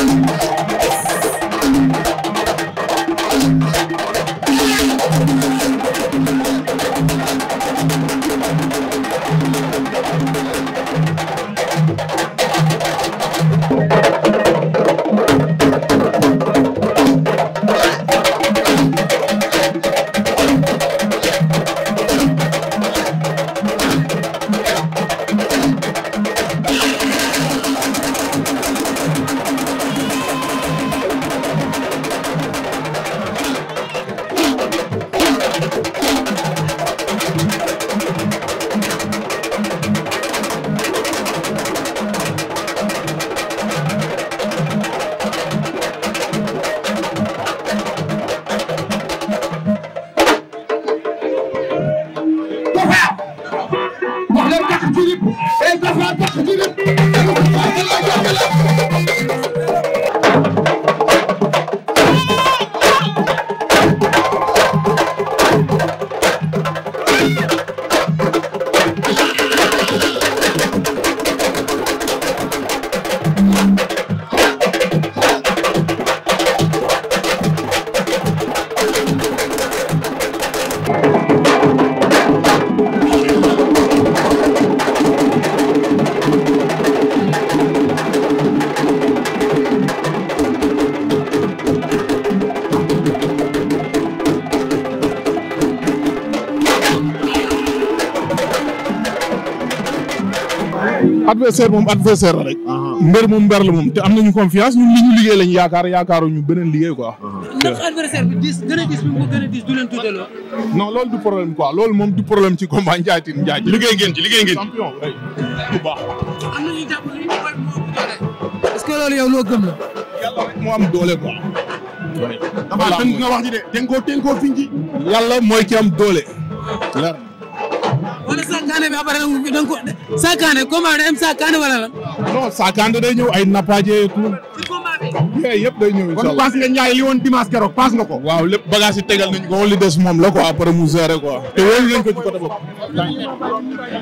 Thank you. adversaire moom adversaire la rek. Uh-huh. mbër moom mber la moom te am nañu confiance ñun li ñu liggéey lañ yaakaar ñu beneen liggéey quoi. Uh-huh. ndax adversaire bi diis gën a loolu du problème quoi loolu moom du problème ci combat Ndiaye Tine Ndiaye. liggéey ngeen ci liggéey ngeen ci. champion am na ñuy ñu est ce que loolu yow loo gëm la. yàlla moo am doole quoi. voilà damaa yàlla mooy ki am doole. wala Saakaane bi après da nga ko Saakaane combat bi day am Saakaane wala la. non Saakaane day ñëw ay nappaaje tout. ci combat yëpp day ñëw incha allah kon paas nga Ndiaye li woon dimanche keroog paas nga ko. waaw lépp bagage yi tegal nañ ko li des moom la quoi après mu gérer quoi. te wóolu nañ ko ci